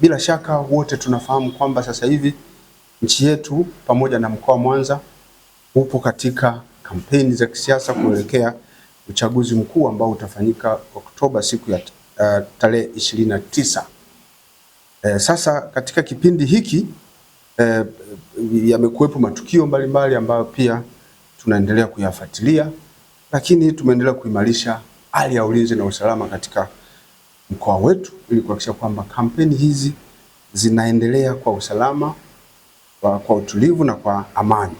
Bila shaka wote tunafahamu kwamba sasa hivi nchi yetu pamoja na mkoa wa Mwanza upo katika kampeni za kisiasa kuelekea uchaguzi mkuu ambao utafanyika Oktoba siku ya uh, tarehe ishirini na tisa. E, sasa katika kipindi hiki e, yamekuwepo matukio mbalimbali ambayo pia tunaendelea kuyafuatilia, lakini tumeendelea kuimarisha hali ya ulinzi na usalama katika mkoa wetu ili kuhakikisha kwamba kampeni hizi zinaendelea kwa usalama, kwa, kwa utulivu na kwa amani.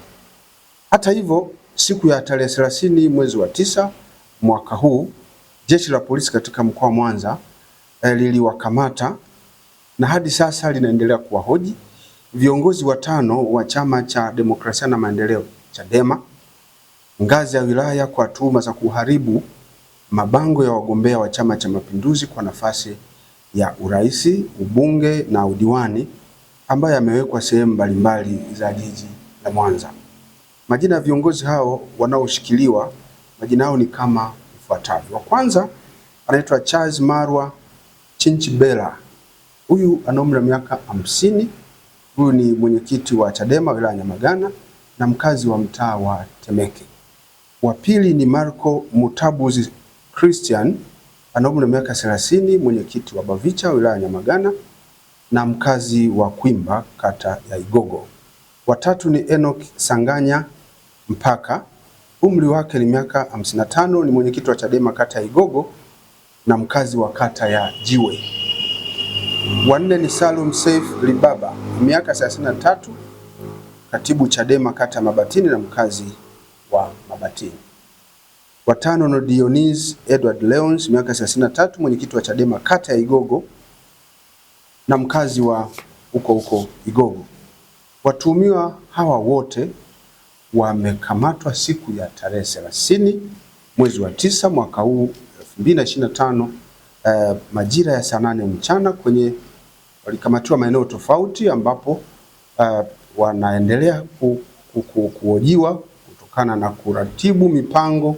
Hata hivyo, siku ya tarehe 30 mwezi wa tisa mwaka huu jeshi la polisi katika mkoa wa Mwanza eh, liliwakamata na hadi sasa linaendelea kuwahoji viongozi watano wa Chama cha Demokrasia na Maendeleo, Chadema, ngazi ya wilaya kwa tuhuma za kuharibu mabango ya wagombea wa Chama cha Mapinduzi kwa nafasi ya urais, ubunge na udiwani ambayo yamewekwa sehemu mbalimbali za jiji la Mwanza. Majina ya viongozi hao wanaoshikiliwa, majina yao ni kama ifuatavyo. Wa kwanza anaitwa Charles Marwa Chinchibela, huyu ana umri wa miaka hamsini. Huyu ni mwenyekiti wa Chadema wilaya ya Nyamagana na mkazi wa mtaa wa Temeke. Wa pili ni Marco Mutabuzi Christian ana umri wa miaka 30, mwenyekiti wa Bavicha wilaya ya Nyamagana na mkazi wa Kwimba kata ya Igogo. Watatu ni Enoch Sanganya Mpaka, umri wake ni miaka 55, ni mwenyekiti wa Chadema kata ya Igogo na mkazi wa kata ya Jiwe. Wanne ni Salum Saif Libaba, miaka 33, katibu Chadema kata ya Mabatini na mkazi wa Mabatini. Watano ni Dionis Edward Leons miaka 33, mwenyekiti wa Chadema kata ya Igogo na mkazi wa huko huko Igogo. Watuhumiwa hawa wote wamekamatwa siku ya tarehe 30 mwezi wa tisa mwaka huu 2025 eh, majira ya saa nane mchana kwenye walikamatiwa maeneo tofauti ambapo eh, wanaendelea ku, ku, ku, kuojiwa kutokana na kuratibu mipango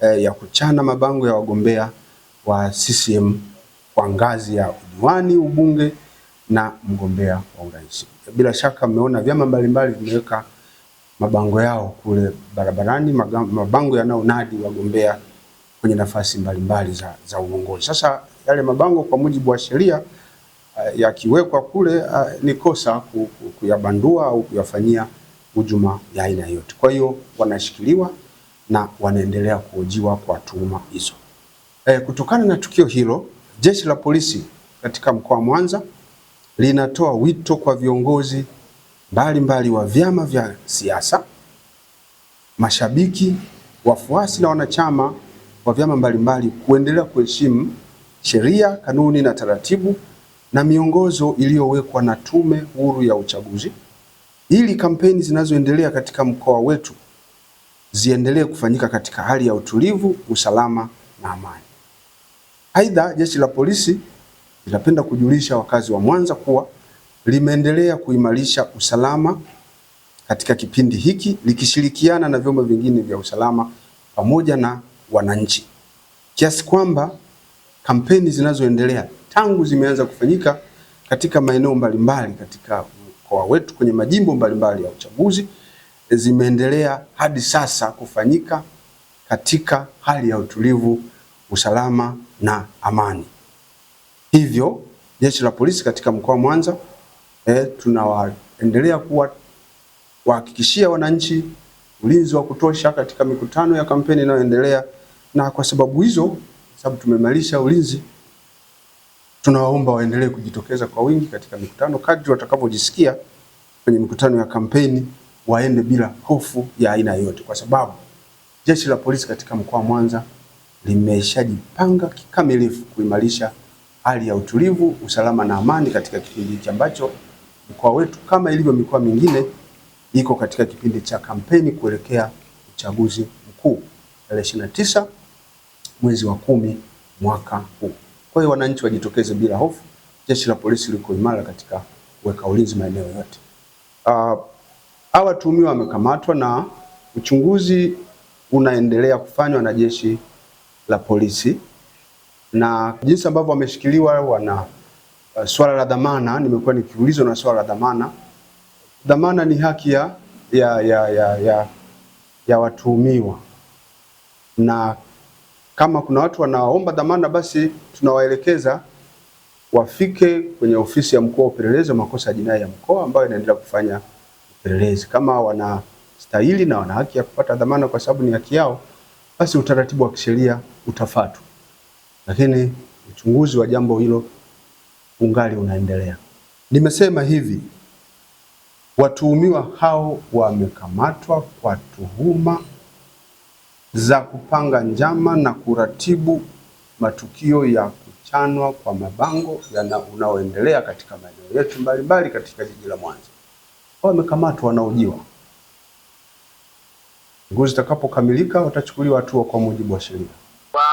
eh, ya kuchana mabango ya wagombea wa CCM kwa ngazi ya udiwani, ubunge na mgombea wa urais. Bila shaka mmeona vyama mbalimbali vimeweka mabango yao kule barabarani, mabango yanayonadi wagombea kwenye nafasi mbalimbali za, za uongozi. Sasa yale mabango kwa mujibu wa sheria uh, yakiwekwa kule uh, ni kosa kuyabandua au kuyafanyia hujuma ya aina yote Kwa hiyo wanashikiliwa na wanaendelea kuhojiwa kwa tuhuma hizo. E, kutokana na tukio hilo, jeshi la polisi katika mkoa wa Mwanza linatoa wito kwa viongozi mbalimbali mbali wa vyama vya siasa, mashabiki, wafuasi na wanachama wa vyama mbalimbali mbali kuendelea kuheshimu sheria, kanuni na taratibu na miongozo iliyowekwa na Tume Huru ya Uchaguzi ili kampeni zinazoendelea katika mkoa wetu ziendelee kufanyika katika hali ya utulivu, usalama na amani. Aidha, jeshi la polisi linapenda kujulisha wakazi wa Mwanza kuwa limeendelea kuimarisha usalama katika kipindi hiki likishirikiana na vyombo vingine vya usalama pamoja na wananchi, kiasi kwamba kampeni zinazoendelea tangu zimeanza kufanyika katika maeneo mbalimbali katika mkoa wetu kwenye majimbo mbalimbali ya uchaguzi zimeendelea hadi sasa kufanyika katika hali ya utulivu, usalama na amani. Hivyo jeshi la polisi katika mkoa wa Mwanza e, tunawaendelea kuwa wahakikishia wananchi ulinzi wa kutosha katika mikutano ya kampeni inayoendelea, na kwa sababu hizo, sababu tumemalisha ulinzi, tunawaomba waendelee kujitokeza kwa wingi katika mikutano kadri watakavyojisikia kwenye mikutano ya kampeni waende bila hofu ya aina yoyote, kwa sababu jeshi la polisi katika mkoa wa Mwanza limeshajipanga kikamilifu kuimarisha hali ya utulivu, usalama na amani katika kipindi hiki ambacho mkoa wetu kama ilivyo mikoa mingine iko katika kipindi cha kampeni kuelekea uchaguzi mkuu tarehe ishirini tisa mwezi wa kumi mwaka huu. Kwa hiyo wananchi wajitokeze bila hofu, jeshi la polisi liko imara katika kuweka ulinzi maeneo yote. Uh, Hawa watuhumiwa wamekamatwa na uchunguzi unaendelea kufanywa na jeshi la polisi, na jinsi ambavyo wameshikiliwa wana uh, swala la dhamana. Nimekuwa nikiulizwa na swala la dhamana. Dhamana ni haki ya, ya, ya, ya, ya, ya watuhumiwa, na kama kuna watu wanaomba dhamana, basi tunawaelekeza wafike kwenye ofisi ya mkuu wa upelelezi wa makosa ya jinai ya mkoa ambayo inaendelea kufanya upelelezi. Kama wanastahili na wana haki ya kupata dhamana kwa sababu ni haki yao, basi utaratibu wa kisheria utafuatwa, lakini uchunguzi wa jambo hilo ungali unaendelea. Nimesema hivi, watuhumiwa hao wamekamatwa kwa tuhuma za kupanga njama na kuratibu matukio ya kuchanwa kwa mabango unaoendelea katika maeneo yetu mbalimbali katika jiji la Mwanza wamekamatwa wanaojiwa. Nguzi zitakapokamilika watachukuliwa hatua kwa mujibu wa sheria.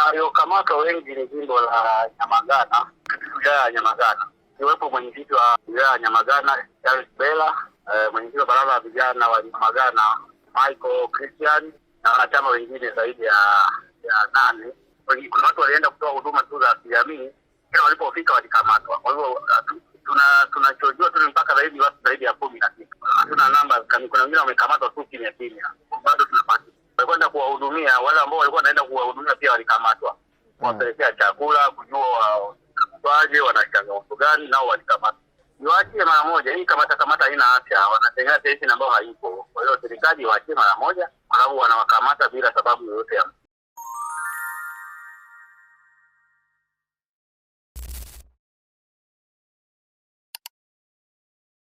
Waliokamatwa wengi ni jimbo la Nyamagana, wilaya ya Nyamagana, ikiwepo mwenyekiti wa wilaya ya Nyamagana Charles Bela, eh, mwenyekiti wa baraza la vijana wa Nyamagana Michael Christian na wanachama wengine zaidi ya ya nane. Kuna watu walienda kutoa huduma tu za kijamii, walipofika walikamatwa. Kwa hivyo tunachojua tuna mpaka zaidi watu zaidi ya kumi na sita hatuna namba Kuna wengine wamekamatwa tu kimya kimya, bado tunapati walikuwa naenda kuwahudumia wale ambao walikuwa wanaenda kuwahudumia pia walikamatwa, hmm. kuwapelekea chakula, kujua waje wanachangamoto gani, nao walikamatwa. Niwaachie mara moja, hii kamata kamata haina afya, wanatengeneza tesi ambayo haipo. Kwa hiyo serikali iwaachie mara moja, kwa sababu wanawakamata bila sababu yoyote ya mtu